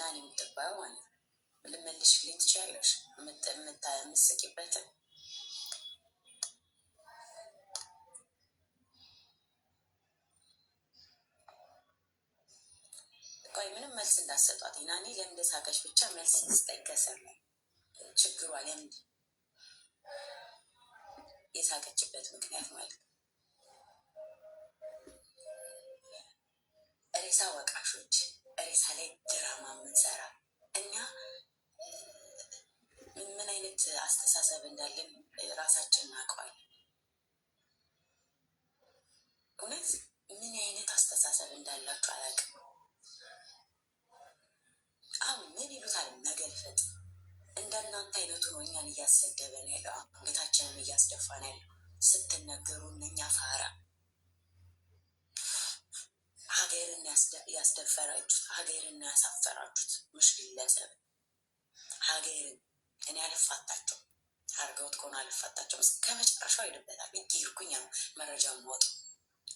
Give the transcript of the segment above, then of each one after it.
ናን የምትባዩ ማለት ነው። ልመልሽ ልመልሽልኝ ትችያለሽ የምትስቂበትን ቆይ ምንም መልስ እንዳሰጧት ናኒ ለምን ሳቀሽ ብቻ መልስ ስጠገሰ ችግሯ ለምን የሳቀችበት ምክንያት ማለት ሬሳ ወቃሾች ሬሳ ላይ ድራማ የምንሰራ እኛ ምን አይነት አስተሳሰብ እንዳለን ራሳችን እናውቀዋለን። እውነት ምን አይነት አስተሳሰብ እንዳላችሁ አላውቅም። አሁን ምን ይሉታል መገልፈጥ እንደናንተ አይነቱ ነው። እኛን እያሰደበን ያለው አንገታችንን እያስደፋን ያለው ስትነገሩ እነኛ ፋራ ያስደፈራችሁት፣ ሀገርን ያሳፈራችሁት ምሽ ግለሰብ ሀገርን እኔ አልፋታቸው አርገውት ከሆነ አልፋታቸው እስከ መጨረሻው ይልበታል። እየሄድኩኝ ነው መረጃ ወጡ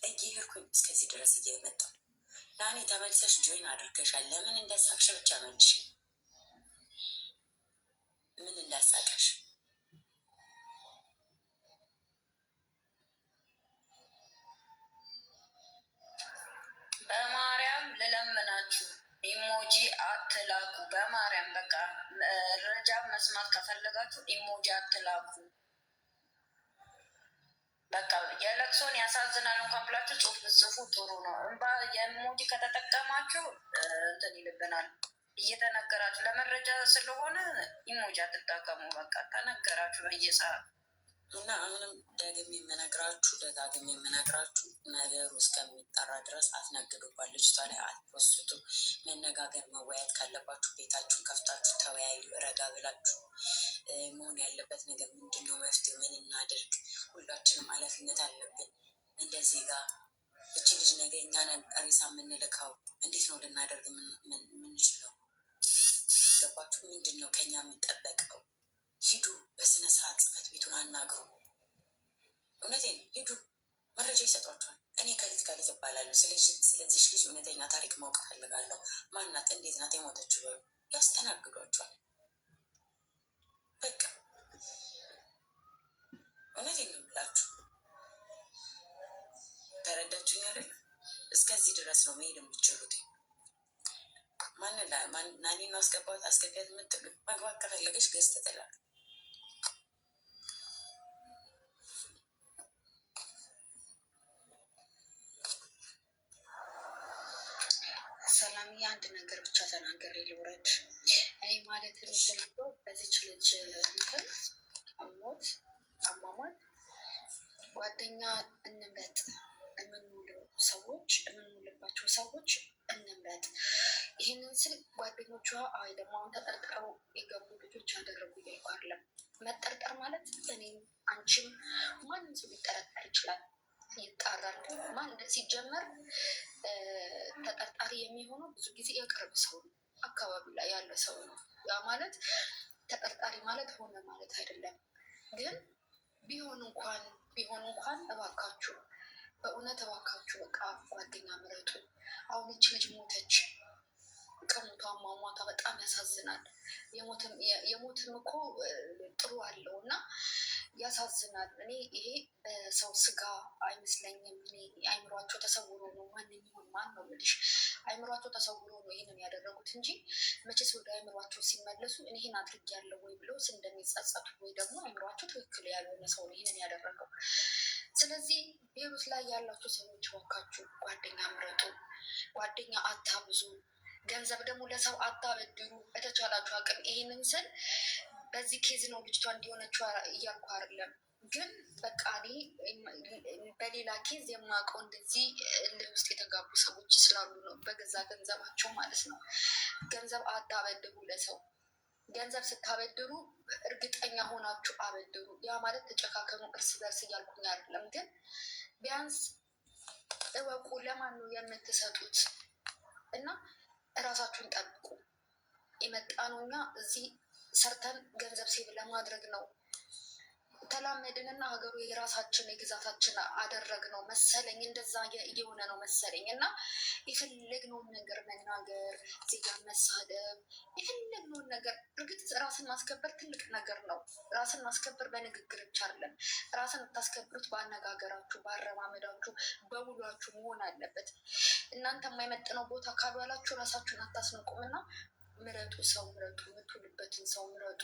እየሄድኩኝ እስከዚህ ድረስ እየመጣ ለአኔ ተመልሰሽ ጆይን አድርገሻል። ለምን እንዳሳቅሽ ብቻ መልሽ። ምን እንዳሳቀሽ በማርያም ልለምናችሁ ኢሞጂ አትላኩ። በማርያም በቃ መረጃ መስማት ከፈለጋችሁ ኢሞጂ አትላኩ። በቃ የለቅሶን ያሳዝናል እንኳን ብላችሁ ጽሁፍ ጽፉ ጥሩ ነው። እንባ የኢሞጂ ከተጠቀማችሁ እንትን ይልብናል። እየተነገራችሁ ለመረጃ ስለሆነ ኢሞጂ አትጠቀሙ። በቃ ተነገራችሁ በየሰዓት እና አሁንም ደግሜ የምነግራችሁ ደጋግም የምነግራችሁ ነገሩ እስከሚጠራ ድረስ አትነግዱባት። ልጅቷ ላይ አትወስቱ። መነጋገር መወያየት ካለባችሁ ቤታችሁን ከፍታችሁ ተወያዩ። ረጋ ብላችሁ መሆን ያለበት ነገር ምንድን ነው? መፍትሄ ምን እናድርግ? ሁላችንም ኃላፊነት አለብን። እንደዚህ ጋር እቺ ልጅ ነገ እኛን ሬሳ የምንልካው እንዴት ነው ልናደርግ ምንችለው? ገባችሁ? ምንድን ነው ከኛ የሚጠበቀው? ሂዱ፣ በስነ ስርዓት ጽፈት ቤቱን አናግሩ። እውነቴን ሂዱ፣ መረጃ ይሰጧቸዋል። እኔ ከሊት ከሊት እባላለሁ። ስለዚህ ልጅ እውነተኛ ታሪክ ማወቅ ፈልጋለሁ። ማናት? እንዴት ናት? የሞተች በሉ፣ ያስተናግዷቸዋል። በቃ እውነቴን ብላችሁ ተረዳችሁኝ አይደል? እስከዚህ ድረስ ነው መሄድ የምትችሉት። ማንን ማንን አስገባት አስገቢያት የምትሉ መግባት ከፈለገች ገዝተ አንድ ነገር ብቻ ተናገሬ ልውረድ። እኔ ማለት የምፈልገው በዚች ልጅ እንትን አሞት አሟሟት ጓደኛ እንምረጥ፣ የምንውሉ ሰዎች የምንውልባቸው ሰዎች እንምረጥ። ይህንን ስል ጓደኞቿ አይ ደግሞ አሁን ተጠርጥረው የገቡ ልጆች ያደረጉ እያልኩ አይደለም። መጠርጠር ማለት እኔም አንቺም ማንም ሰው ሊጠረጠር ይችላል። ይጣራል። ማን ሲጀመር ተጠርጣሪ የሚሆነው ብዙ ጊዜ የቅርብ ሰው ነው፣ አካባቢ ላይ ያለ ሰው ነው። ያ ማለት ተጠርጣሪ ማለት ሆነ ማለት አይደለም። ግን ቢሆን እንኳን ቢሆን እንኳን እባካችሁ በእውነት እባካችሁ በቃ ጓደኛ ምረጡ። አሁን ይቺ ልጅ ሞተች። ቀሙቷ ማሟቷ በጣም ያሳዝናል። የሞትም እኮ ጥሩ አለው እና ያሳዝናል። እኔ ይሄ በሰው ስጋ አይመስለኝም። እኔ አይምሯቸው ተሰውሮ ነው። ማን የሚሆን ማን ነው ልሽ አይምሯቸው ተሰውሮ ነው ይህንን ያደረጉት እንጂ መቼስ ወደ አይምሯቸው ሲመለሱ እኔህን አድርግ ያለው ወይ ብለው እንደሚጸጸቱ ወይ ደግሞ አይምሯቸው ትክክል ያልሆነ ሰው ነው ይህንን ያደረገው። ስለዚህ ቤሩት ላይ ያላቸው ሰዎች ወካችሁ ጓደኛ ምረጡ፣ ጓደኛ አታብዙ። ገንዘብ ደግሞ ለሰው አታበድሩ። በተቻላችሁ አቅም ይህንን ስል በዚህ ኬዝ ነው ልጅቷ እንዲሆነችው እያልኩ አይደለም። ግን በቃ እኔ በሌላ ኬዝ የማውቀው እንደዚህ እልህ ውስጥ የተጋቡ ሰዎች ስላሉ ነው። በገዛ ገንዘባቸው ማለት ነው። ገንዘብ አታበድሩ ለሰው ገንዘብ ስታበድሩ እርግጠኛ ሆናችሁ አበድሩ። ያ ማለት ተጨካከኑ እርስ በርስ እያልኩኝ አይደለም። ግን ቢያንስ እወቁ ለማን ነው የምትሰጡት እና እራሳችሁን ጠብቁ። የመጣ ነው እኛ እዚህ ሰርተን ገንዘብ ሴብ ለማድረግ ነው። ተላመድንና ሀገሩ የራሳችን የግዛታችን አደረግ ነው መሰለኝ። እንደዛ እየሆነ ነው መሰለኝ። እና የፈለግነውን ነገር መናገር፣ ዜጋ መሳደብ፣ የፈለግነውን ነገር እርግጥ ራስን ማስከበር ትልቅ ነገር ነው። ራስን ማስከበር በንግግር አይደለም። ራስን የምታስከብሩት በአነጋገራችሁ፣ በአረማመዳችሁ፣ በውሏችሁ መሆን አለበት። እናንተ የማይመጥነው ቦታ ካልዋላችሁ ራሳችሁን አታስንቁም እና ምረጡ፣ ሰው ምረጡ፣ የምትውሉበትን ሰው ምረጡ።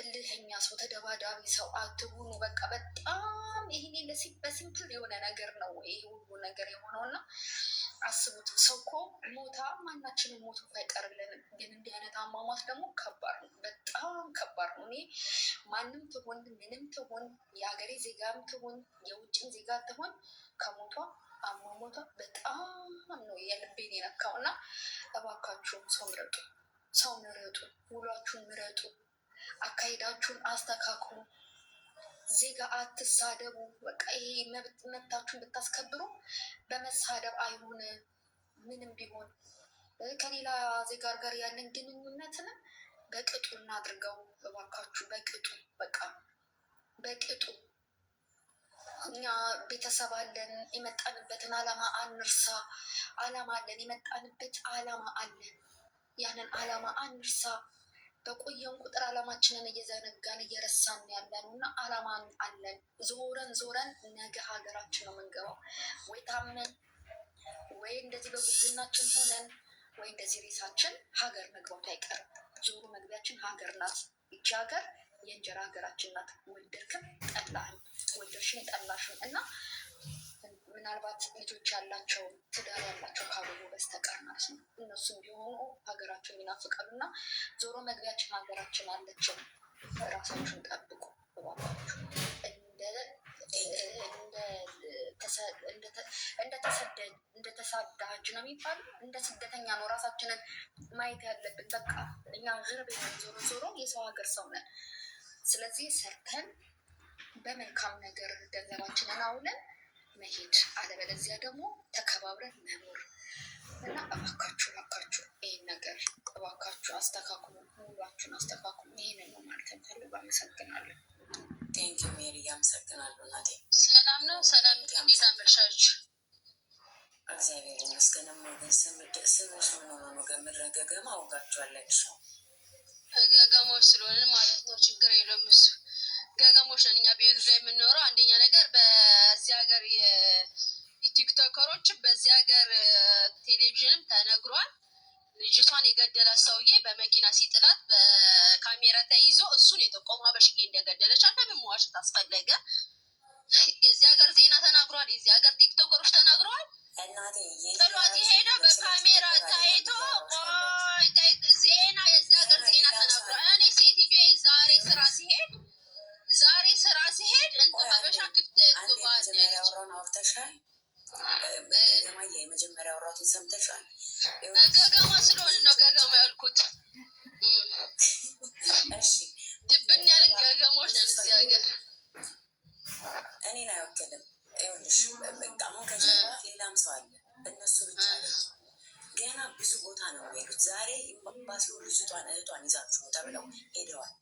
እልህኛ ሰው፣ ተደባዳቢ ሰው አትሁኑ። በቃ በጣም ይህኔ በሲምፕል የሆነ ነገር ነው ይህ ሁሉ ነገር የሆነው እና አስቡት። ሰው እኮ ሞታ ማናችንም ሞቱ አይቀርልንም፣ ግን እንዲህ አይነት አሟሟት ደግሞ ከባድ ነው፣ በጣም ከባድ ነው። እኔ ማንም ትሆን ምንም ትሆን የሀገሬ ዜጋም ትሆን የውጭም ዜጋ ትሆን ከሞቷ አሟሟቷ በጣም ነው የልቤን የነካው እና እባካችሁም ሰው ምረጡ። ሰው ምረጡ፣ ውሏችሁን ምረጡ፣ አካሄዳችሁን አስተካክሉ። ዜጋ አትሳደቡ። በቃ ይሄ መብታችሁን ብታስከብሩ በመሳደብ አይሆን ምንም ቢሆን ከሌላ ዜጋ ጋር ያለን ግንኙነትን በቅጡ እናድርገው እባካችሁ፣ በቅጡ በቃ በቅጡ። እኛ ቤተሰብ አለን። የመጣንበትን አላማ አንርሳ። አላማ አለን። የመጣንበት አላማ አለን። ያንን አላማ አንርሳ። በቆየን ቁጥር አላማችንን እየዘነጋን እየረሳን ያለን እና አላማን አለን። ዞረን ዞረን ነገ ሀገራችን ነው የምንገባው። ወይ ታምነን ወይ እንደዚህ በጉብዝናችን ሆነን ወይ እንደዚህ ቤታችን ሀገር መግባቱ አይቀርም። ዞሩ መግቢያችን ሀገር ናት። ይቺ ሀገር የእንጀራ ሀገራችን ናት። ወደድክም ጠላህም፣ ወደድሽም ጠላሽም እና ምናልባት ልጆች ያላቸው ትዳር ያላቸው ካልሆኑ በስተቀር ማለት ነው። እነሱም ቢሆኑ ሀገራቸውን ይናፍቃሉ እና ዞሮ መግቢያችን ሀገራችን አለችን። ራሳችሁን ጠብቁ ባባችሁ እንደተሳዳጅ ነው የሚባል እንደ ስደተኛ ነው ራሳችንን ማየት ያለብን። በቃ እኛ ግር ቤት ዞሮ ዞሮ የሰው ሀገር ሰው ነን። ስለዚህ ሰርተን በመልካም ነገር ገንዘባችንን አውለን መሄድ፣ አለበለዚያ ደግሞ ተከባብረን መኖር እና እባካችሁ እባካችሁ ይህን ነገር እባካችሁ አስተካክሉ፣ ሁላችሁን አስተካክሉ። ይህን ነው ማለት ንፈልጉ። አመሰግናለሁ። ቴንክ ሜሪ አመሰግናለሁ። እናቴ ሰላም ነው። ሰላም እንዴት አመሻች? እግዚአብሔር ይመስገን። ግን ስሞች ምን ሆነ ነው? ገምር ገገማ አውጋችኋለች ነው ገገማዎች ስለሆንን ማለት ነው። ችግር የለም እሱ ገገሞች ነን እኛ ቤቱ ላይ የምንኖረው። አንደኛ ነገር በዚህ ሀገር የቲክቶከሮችም በዚህ ሀገር ቴሌቪዥንም ተነግሯል። ልጅቷን የገደላት ሰውዬ በመኪና ሲጥላት በካሜራ ተይዞ እሱን የጠቆሙ ሀበሽዬ እንደገደለች አለምን መዋሸት አስፈለገ? የዚህ ሀገር ዜና ተናግሯል። የዚህ ሀገር ቲክቶከሮች ተናግረዋል። ጥሏት የሄደ በካሜራ ታይቶ መጀመሪያ አውራውን አውርተሻል። ማየ የመጀመሪያ አውራቱን ሰምተሻል። ገገማ ስለሆን ነው ገገማ ያልኩት። ድብን ያለን ገገማዎች ነን እዚህ ሀገር። እኔን አይወክልም። ይኸውልሽ በጣም ከጀርባ ሌላም ሰው አለ። እነሱ ብቻ ለ ገና ብዙ ቦታ ነው የሚሄዱት። ዛሬ ኢምባሲ ልጅቷን እህቷን ይዛችሁ ተብለው ሄደዋል።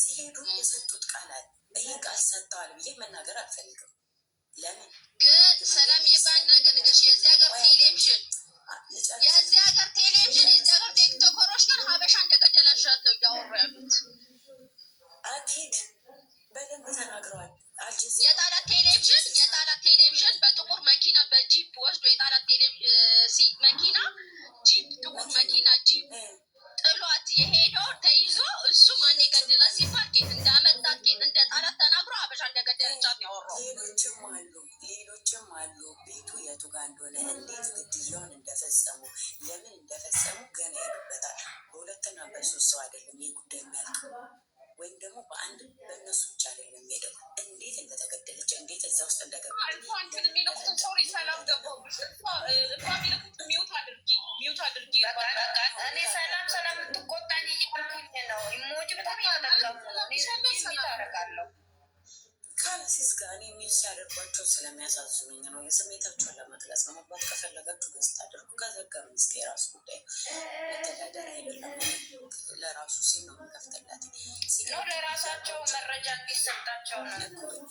ሲሄዱ የሰጡት ቃል አለ። ይህ ቃል ሰጥተዋል ብዬ መናገር አልፈልግም። ለምን ግን ሰላም የባና ገንገሽ የዚያ እኔ ሰላም ሰላም የምትቆጣኝ እያልኩኝ ነው። ኢሞጂ በጣም እያጠቀሙ ነው። ታረጋለሁ ከአንሲስ ጋር እኔ ሚል ሲያደርጓቸው ስለሚያሳዝኑኝ ነው። የስሜታቸውን ለመግለጽ ነው። መግባት ከፈለጋችሁ ገጽ ታደርጉ። ከዘጋ ሚስት የራሱ ጉዳይ መተዳደር አይደለም። ለራሱ ሲል ነው የሚከፍትላት ነው። ለራሳቸው መረጃ እንዲሰጣቸው ነው።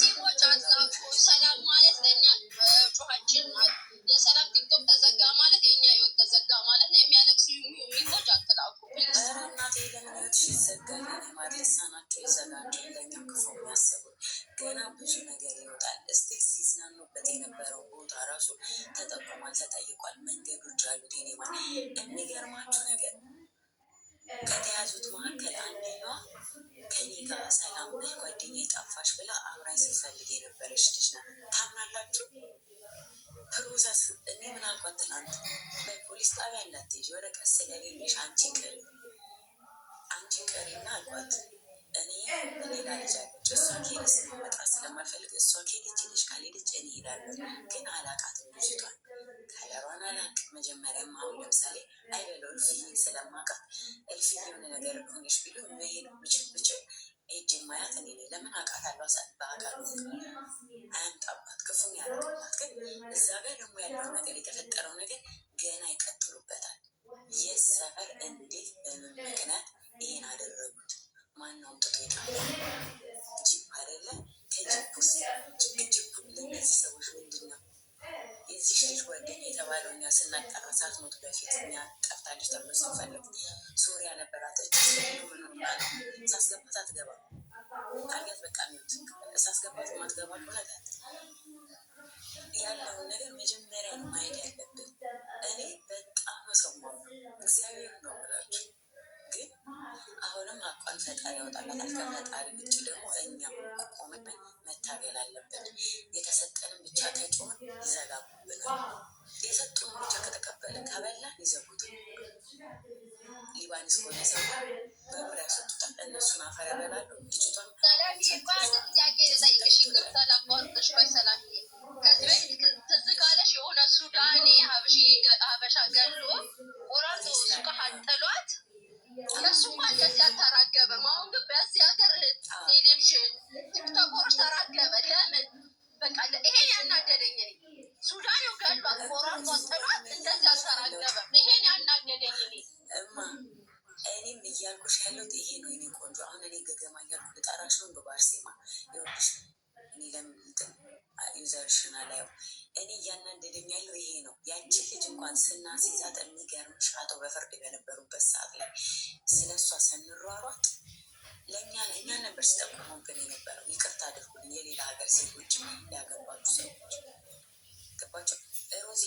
ሲሞች አጥላቁ ሰላም ማለት ለእኛ ጩኋችን የሰላም ቲክቶክ ተዘጋ ማለት የኛ ፊታችን ዘጋን። የዘጋቸው ለኛ ክፉ የሚያስቡት ገና ብዙ ነገር ይወጣል። እስቲ ሲዝናኑበት የነበረው ቦታ ራሱ ተጠቁሟል፣ ተጠይቋል። መንገዶች አሉት። ኔማ የሚገርማችሁ ነገር ከተያዙት መካከል አንደኛዋ ከኔ ጋር ሰላም ነህ ጓደኛ የጣፋሽ ብላ አብራኝ ስትፈልግ የነበረች ልጅ ናት። ታምናላችሁ? ፕሮሰስ እኔ ምን ትናንት በፖሊስ ጣቢያ እንዳትሄጂ ወረቀት ስለሌለሽ አንቺ ቅር ፍቅሬና አልኳት እኔ ሌላ ልጅ አለች። እሷ ከሄደች መመጣ ስለማልፈልግ እሷ ከሄደች ልጅ ካልሄደች እኔ እሄዳለሁ። ግን አላቃትም ልጅቷን ከለሯን አላቅ መጀመሪያም አሁን ለምሳሌ አይበለው እልፍዬ ስለማውቃት እልፍዬ የሆነ ነገር ሆነች ቢሉ መሄድ ብችል ብችል እጅ ማያት እኔ ለምን አውቃታለሁ። በአካል አያምጣባት ክፉም ያደርግባት። ግን እዛ ጋር ደግሞ ያለው ነገር የተፈጠረው ነገር ገና ይቀጥሉበታል። የሰፈር እንዴት በምን ምክንያት ይህን አደረጉት። ማነው አምጥቶ የጣለው? ጅብ አይደለ? ከጅብ ውስጥ ጅብ ለእነዚህ ሰዎች ምንድን ነው የዚህ ልጅ ጓደኛ የተባለው እኛ ስናጠራ ሳትሞት በፊት እኛ ጠፍታለች ተብሎ ስንፈልግ ሶሪያ ነበራት። ሳስገባት አትገባ አያት በቃ ሚት ሳስገባት ማትገባ ሆነታት ያለውን ነገር መጀመሪያ ማየት ያለብን እኔ በጣም ሰማ እግዚአብሔር ነው ብላችሁ አሁንም አቋም ፈጣሪ ያወጣላታል። ከፈጣሪ ውጭ ደግሞ እኛ ቆመን መታገል አለብን። የተሰጠን ብቻ ተጮን ይዘጋቡብናል። የሰጡን ብቻ ከተቀበለ ከበላ ይዘጉት። ሊባኒስ ሆነ ሰው በብር ያሰጡታል። እነሱን አፈር ያበላሉ። ልጅቷም ሴቶች ያገባችሁ ሰዎች ገባችሁ። ሮዚ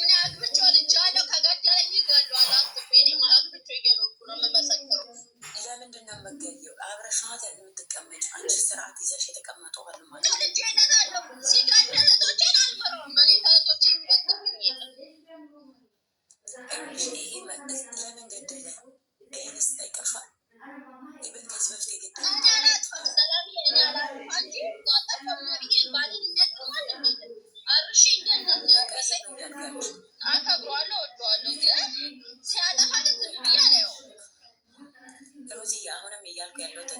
ምን አግብቼ ልጅ አለው ከገደለኝ ይገሏል። አትቤኔም አግብቼ እየኖርኩ ነው የምመሰክረው። ለምንድን ነው የምገኘው? አብረሻት የምትቀመጭ አንቺ ስርዓት ይዘሽ የተቀመጠ ባል ማለት ነው። ልጅ እህቶቼን አልምረውም። እኔ ከእህቶቼ የሚበጥብኝ የለም። ይሄ ለምን ገደለ? ይህንስ ጠይቀሻል? አሁንም እያልኩ ያለሁት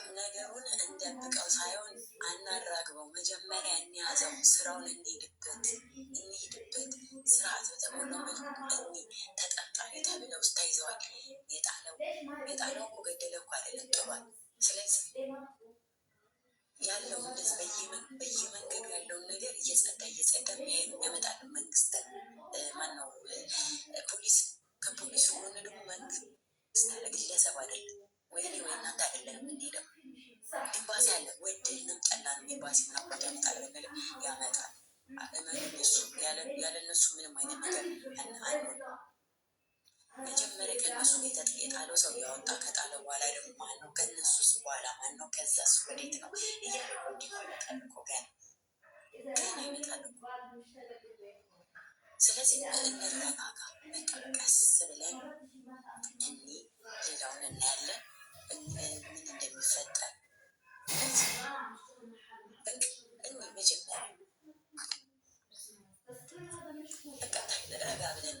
እኔ ነገሩን እንደብቀው ሳይሆን አናራግበው፣ መጀመሪያ እንያዘው፣ ስራውን እንሄድበት እንሄድበት ስርዓት በተሞላው መልኩ ተጠርጣሪ ተብለው ተይዘዋል። የጣለው የጣለው እኮ ገደለ እኮ አይደለም ጥሏል። ስለዚህ ያለው እንደዚህ በየመንገዱ ያለውን ነገር እየጸዳ እየጸዳ ያመጣል። መንግስት ማነው ፖሊስ ከፖሊሱ ሆነ ደግሞ መንግስት አለ፣ ግለሰብ አይደለም። ወይኔ ወይ እናንተ አይደለም የምንሄደው ኤምባሲ አለ። ወደድንም ጠላንም ኤምባሲ ምናምን ያመጣል ነገር ያመጣል። እሱ ያለ እነሱ ምንም አይነት ነገር አንሆንም። መጀመሪያ ከእነሱ የጣለው ሰው ያወጣ ከጣለ በኋላ ደግሞ ማን ነው? ከእነሱስ በኋላ ማን ነው? ከዛስ ወዴት ነው እያለ እንዲሁ ይመጣል እኮ ገና ገና ይመጣል እኮ። ስለዚህ እንረጋጋ፣ በጣም ቀስ ብለን እኒ ሌላውን እናያለን ምን እንደሚፈጠር በቃ መጀመሪያ በቃ ረጋ ብለን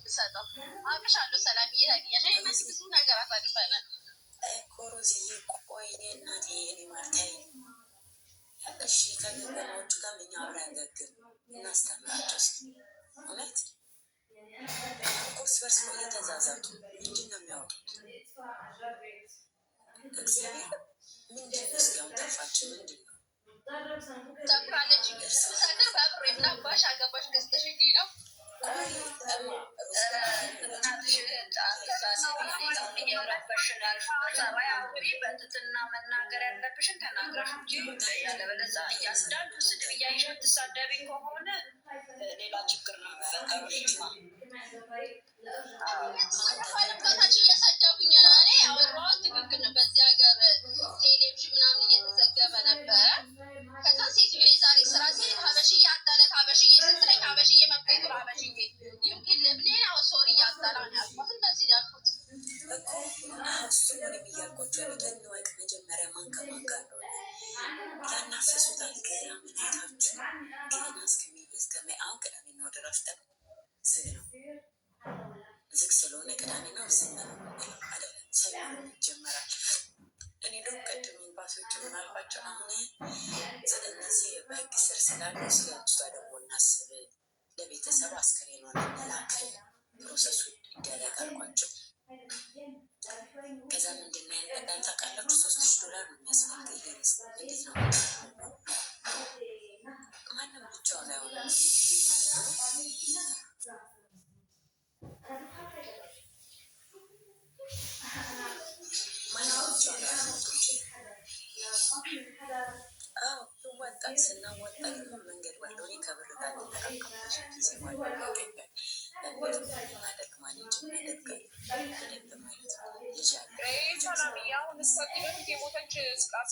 የምትሰጠው አቅሻለሁ። ሰላም እየታገኘ መስ ብዙ ነገር አሳልፈናል እኮ ሮዝዬ። እናቴ እኔ ማርታይ እሺ፣ ከገበሬዎቹ ጋር እኛ አብረ ገግም እናስተምራቸው ስ እውነት ቁርስ በርስ እየተዛዛቱ ምንድን ነው የሚያወጡት? እግዚአብሔር ምንድን ነው ስጋውን ጠፋቸው ምንድን ነው ተኩራለች ሳገር በአብሮ የምናባሽ አገባሽ ገዝተሽ ነው በትትና መናገር ያለብሽን ተናግረሽ ያለበለዚያ እያንዳንዱ ስድብ እያይሽ ትሳደቢ ከሆነ ሌላ ችግር ነው የሚፈጠሩ ያላችሁ ሶስት ሺህ ዶላር ነው የሚያስፈልግ። እንዴት ነው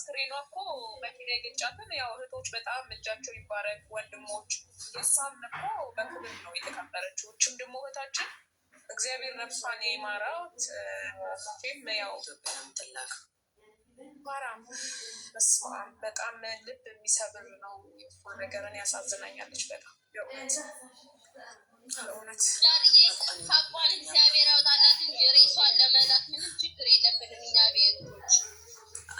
አስክሬኗ እኮ መኪና የገጫትን ያው እህቶች በጣም እጃቸው ይባረግ ወንድሞች። የእሷም እኮ በክብር ነው የተቀበረችው። እችም ደግሞ እህታችን እግዚአብሔር ነፍሷን የማራት ፌም ያው ትላቅ ማራም መስማም በጣም ልብ የሚሰብር ነው። ነገርን ያሳዝናኛለች በጣም እውነት ሀቋን እግዚአብሔር ያውጣላት እንጂ ሬሷን ለመላክ ምንም ችግር የለብንም እኛ ቤቶች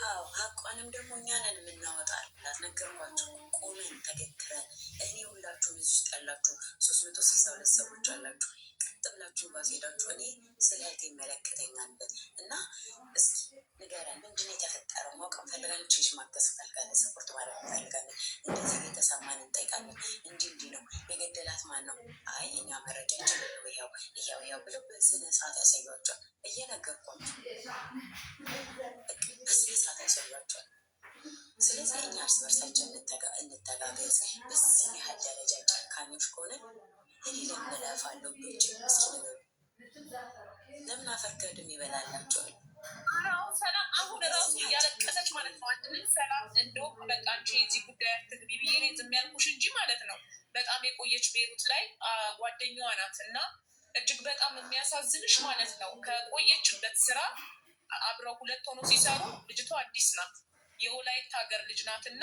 አዎ ሀቋንም ደግሞ እኛንን የምናወጣላት ነገርኳቸው። ቆመን ተገትረን እኔ ሁላችሁ እዚህ ውስጥ ያላችሁ ሶስት መቶ ስልሳ ሁለት ሰዎች አላችሁ። ቀጥ ብላችሁ ባስ እኔ ስለ እህቴ ይመለከተኛል እና እስኪ ንገረን፣ ምንድን ነው የተፈጠረው? ማወቅ እንፈልጋለን። ችልሽ ማገዝ እንፈልጋለን። ሰፖርት ማድረግ እንፈልጋለን። እንደዛ የተሰማን እንጠይቃለን። እንዲህ እንዲህ ነው የገደላት ማን ነው? አይ እኛ መረጃ ችል ያው እያው ያው ብለው በስነ ሰዓት ያሳያቸዋል። እየነገርኳቸው በስነ ሰዓት ያሳያቸዋል። ስለዚህ እኛ እርስ በርሳችን እንተጋገዝ። በዚህ ያህል ደረጃ ጨካኞች ከሆነ እኔ ለምን እለፋለሁ? ብጭ እስኪ ለምን አፈር ከድሜ ይበላላቸዋል? ሰላም ማለት ነው። ማለት ነው። የቆየች ቤሩት ላይ ጓደኛዋ ናት እጅግ በጣም የሚያሳዝንሽ ማለት ነው። ከቆየችበት ስራ አብረው ሁለት ሆኖ ሲሰሩ ልጅቷ አዲስ ናት፣ የወላይት ሀገር ልጅ ናት እና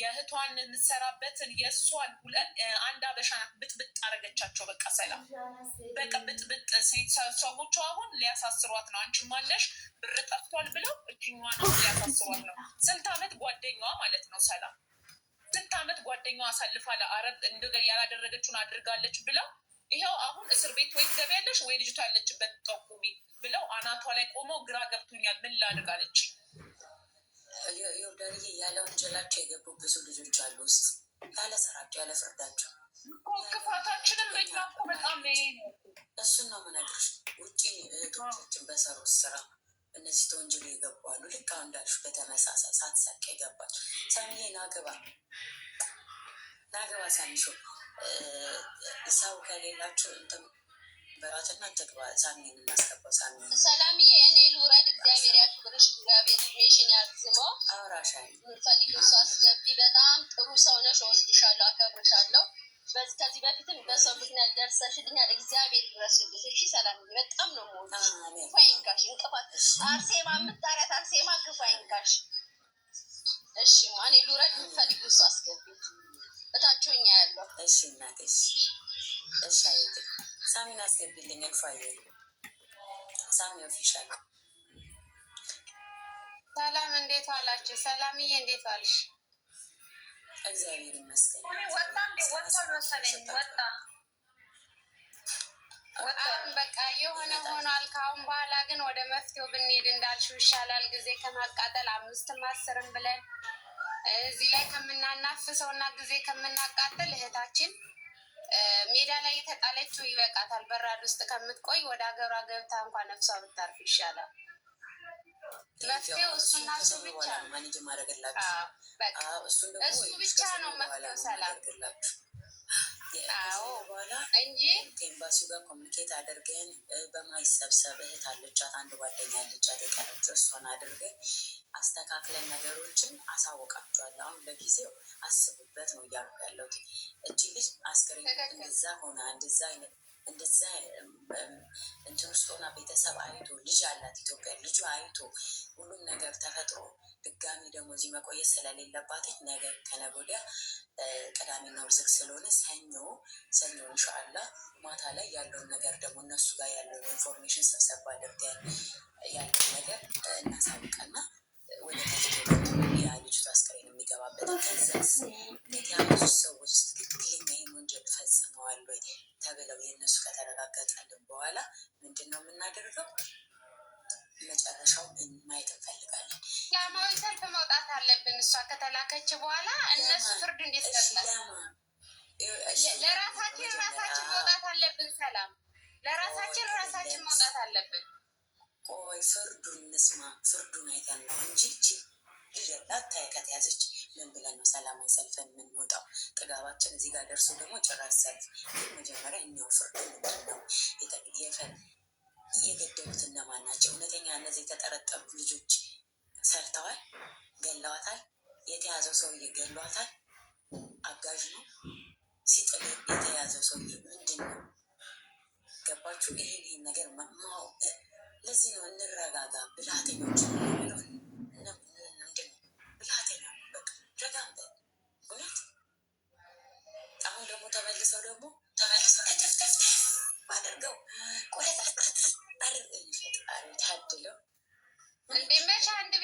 የእህቷን የምትሰራበትን የእሷን አንድ አበሻ ናት ብጥብጥ አደረገቻቸው። በቃ ሰላም በቃ ብጥብጥ ሰዎቹ አሁን ሊያሳስሯት ነው። አንቺ ማለሽ ብር ጠፍቷል ብለው እችኛዋ ነው ሊያሳስሯት ነው። ስንት አመት ጓደኛዋ ማለት ነው ሰላም ስንት ዓመት ጓደኛዋ አሳልፋ ለአረብ ያላደረገችውን አድርጋለች ብለው ይኸው አሁን እስር ቤት ወይ ትገቢያለሽ ወይ ልጅቷ ያለችበት ጠቁሚ ብለው አናቷ ላይ ቆመው ግራ ገብቶኛል ምን ላድርግ አለች። ዮርዳንዬ ያለ ወንጀላቸው የገቡ ብዙ ልጆች አሉ ውስጥ ያለ ስራቸው ያለ ፍርዳቸው ክፋታችንም በኛ እኮ በጣም ነው። እሱን ነው የምነግርሽ። ውጭ እህቶቻችን በሰሩት ስራ እነዚህ ተወንጀሉ የገቡ አሉ። ልክ አሁን እንዳልሽ በተመሳሳይ ሳትሰቅ ይገባል። ሳሚዬ ናገባ ናገባ ሳሚሾ ሰው ከሌላቸው እንትን ነበራት እና እንተግባ ሳሚን እናስገባ። ሳሚን ሰላምዬ፣ እኔ ልውረድ። እግዚአብሔር ያክብርሽ፣ እግዚአብሔር እድሜሽን ያርዝመው። አውራሻል ምፈልጊ እሱ አስገቢ። በጣም ጥሩ ሰው ነሽ፣ እወድሻለሁ፣ አከብርሻለሁ። ከዚህ በፊትም በሰው ምክንያት ደርሰሽልኛል። እግዚአብሔር ይድረስልሽ። እሺ ሰላምዬ፣ በጣም ነው ሞ ፋይንካሽ እንቅፋት አርሴማ የምታሪያት አርሴማ ክፋይንካሽ እሺ ማን ልውረድ። ምፈልጊ እሱ አስገቢ። እታችሁኛ ያለው እሺ እናቴ፣ እሺ እሺ አይደል ሳሚን አስገቢልኝ። እልፋዬ ሳሚ ኦፊሻል። ሰላም እንዴት ዋላችሁ? ሰላምዬ እንዴት ዋልሽ? እግዚአብሔር ይመስገን። በጣም በቃ የሆነ ሆኗል። ከአሁን በኋላ ግን ወደ መፍትሄው ብንሄድ እንዳልሽው ይሻላል። ጊዜ ከማቃጠል አምስትም አስርም ብለን እዚህ ላይ ከምናናፍሰው እና ጊዜ ከምናቃጠል እህታችን ሜዳ ላይ የተጣለችው ይበቃታል። በራድ ውስጥ ከምትቆይ ወደ ሀገሯ ገብታ እንኳን ነፍሷ ብታርፍ ይሻላል። መፍትሄው እሱና እሱ ብቻ እሱ ብቻ ነው መፍትሄው ሰላም እንጂ ኤምባሲው ጋር ኮሚኒኬት አድርገን በማይሰብሰብ እህት አለቻት፣ አንድ ጓደኛ አለቻት የቀረችው እሷን አድርገን አስተካክለን ነገሮችን አሳወቃችኋለሁ። አሁን ለጊዜው አስቡበት ነው እያልኩ ያለሁት። እቺ ልጅ አስክሬን እንደዛ ሆና እንደዛ አይነት እንደዛ እንትን ውስጥ ሆና ቤተሰብ አይቶ ልጅ አላት ኢትዮጵያ፣ ልጁ አይቶ ሁሉም ነገር ተፈጥሮ ድጋሚ ደግሞ እዚህ መቆየት ስለሌለባትች ነገር ከነገ ወዲያ ቅዳሜና እሑድ ዝግ ስለሆነ ሰኞ ሰኞ እንሻአላ ማታ ላይ ያለውን ነገር ደግሞ እነሱ ጋር ያለውን ኢንፎርሜሽን ሰብሰብ አድርገን ያለው ነገር እናሳውቀና ወደ የልጅቷ አስከሬን የሚገባበት ከዛስ ያዙ ሰዎች ትክክለኛ ይህን ወንጀል ፈጽመዋል ወይ ተብለው የእነሱ ከተረጋገጠልን በኋላ ምንድን ነው የምናደርገው? መጨረሻው ማየት እንፈልጋለን። የሃይማኖት ሰልፍ መውጣት አለብን። እሷ ከተላከች በኋላ እነሱ ፍርድ እንዴት ሰጥናል? ለራሳችን ራሳችን መውጣት አለብን። ሰላም ለራሳችን ራሳችን መውጣት አለብን። ቆይ ፍርዱን እንስማ። ፍርዱን አይተን ነው እንጂ ቺ ልደላ ታይካ ተያዘች። ምን ብለን ነው ሰላማዊ ሰልፍ የምንወጣው? ጥጋባችን እዚህ ጋር ደርሶ ደግሞ ጭራሽ ሰልፍ። መጀመሪያ እኛው ፍርዱ ምንድን ነው? የፈን የገደሉት እነማን ናቸው? እውነተኛ እነዚህ የተጠረጠሩ ልጆች ሰርተዋል? ገለዋታል? የተያዘው ሰውዬ ገሏታል? አጋዥ ነው ሲጥል የተያዘው ሰውዬ ምንድን ነው? ገባችሁ? ይህን ይህን ነገር ለዚህ ነው እንረጋጋ፣ ብላቴኖች ነው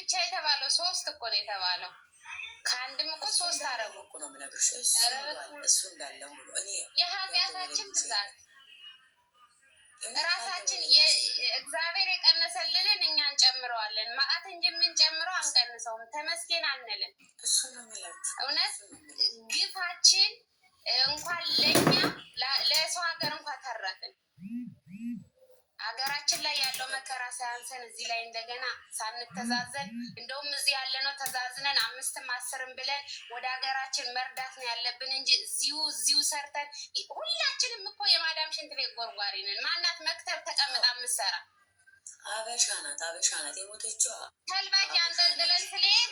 ብቻ የተባለው ሶስት እኮ ነው የተባለው። ከአንድም እኮ ሶስት አረጉ እኮ ነው የምነግርሽ። እሱ እንዳለው የኃጢአታችን ብዛት ራሳችን እግዚአብሔር የቀነሰልንን እኛ እንጨምረዋለን። ማአት እንጂ የምንጨምረው አንቀንሰውም። ተመስገን አንልም። እውነት ግፋችን እንኳን ለእኛ ለሰው ሀገር እንኳን ተረፍን። ሀገራችን ላይ ያለው መከራ ሳያንሰን እዚህ ላይ እንደገና ሳንተዛዘን እንደውም እዚህ ያለ ነው ተዛዝነን አምስትም አስርም ብለን ወደ ሀገራችን መርዳት ነው ያለብን እንጂ እዚሁ እዚሁ ሰርተን ሁላችንም እኮ የማዳም ሽንት ቤት ጎርጓሪ ነን። ማናት መክተብ ተቀምጣ ምሰራ አበሻ ናት። አበሻ ናት የሞተችው ሰልባጅ አንጠልጥለን ስለሄድ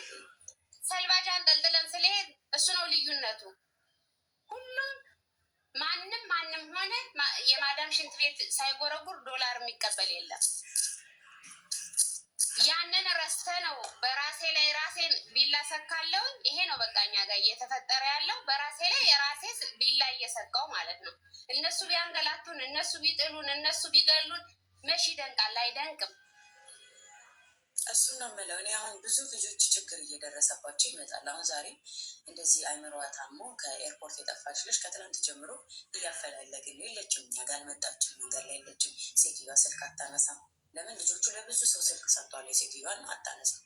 ሰልባጅ አንጠልጥለን ስለሄድ እሱ ነው ልዩነቱ ሁሉም አይነት የማዳም ሽንት ቤት ሳይጎረጉር ዶላር የሚቀበል የለም። ያንን ረስተ ነው በራሴ ላይ ራሴን ቢላ ሰካለው። ይሄ ነው በቃ እኛ ጋር እየተፈጠረ ያለው በራሴ ላይ የራሴ ቢላ እየሰካው ማለት ነው። እነሱ ቢያንገላቱን፣ እነሱ ቢጥሉን፣ እነሱ ቢገሉን መሽ ይደንቃል? አይደንቅም። እሱን ነው የምለው። እኔ አሁን ብዙ ልጆች ችግር እየደረሰባቸው ይመጣል። አሁን ዛሬ እንደዚህ አይምሮዋ ታሞ ከኤርፖርት የጠፋች ልጅ ከትናንት ጀምሮ እያፈላለግን የለችም፣ እኛ ጋር አልመጣችም፣ መንገድ ላይ የለችም። ሴትዮዋ ስልክ አታነሳም። ለምን ልጆቹ ለብዙ ሰው ስልክ ሰጥቷል፣ የሴትዮዋን አታነሳም።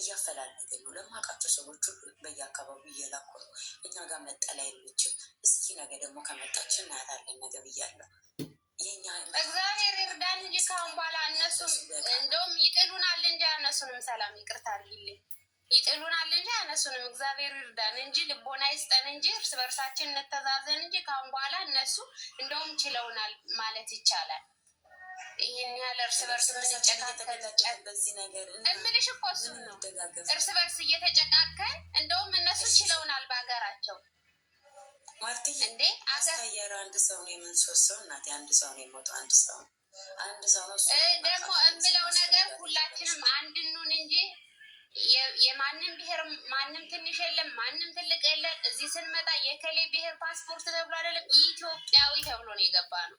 እያፈላለግን ነው። ለማውቃቸው ሰዎቹ በየአካባቢው እየላኩ ነው። እኛ ጋር መጠለያ የለችም። እስኪ ነገ ደግሞ ከመጣችን እናያታለን። ነገ ብያለሁ የኛ ከአሁን በኋላ እነሱም እንደውም ይጥሉናል እንጂ አያነሱንም። ሰላም ይቅርታ አድርጊልኝ። ይጥሉናል እንጂ አያነሱንም። እግዚአብሔር ይርዳን እንጂ ልቦና ይስጠን እንጂ እርስ በርሳችን እንተዛዘን እንጂ ከአሁን በኋላ እነሱ እንደውም ችለውናል ማለት ይቻላል። ይህን ያህል እርስ በርስ በዚህ ነገር እምልሽ እኮ እሱ ነው። እርስ በርስ እየተጨቃከን እንደውም እነሱ ችለውናል በሀገራቸው ማርቲ እንዴ አሳየረ አንድ ሰው ነው የምንሶት ሰው እናቴ አንድ ሰው ነው የሞቱ አንድ ሰው ነው ደግሞ እምለው ነገር ሁላችንም አንድ እንጂ የማንም ብሔር ማንም ትንሽ የለም፣ ማንም ትልቅ የለም። እዚህ ስንመጣ የከሌ ብሔር ፓስፖርት ተብሎ አይደለም ኢትዮጵያዊ ተብሎ ነው የገባ ነው።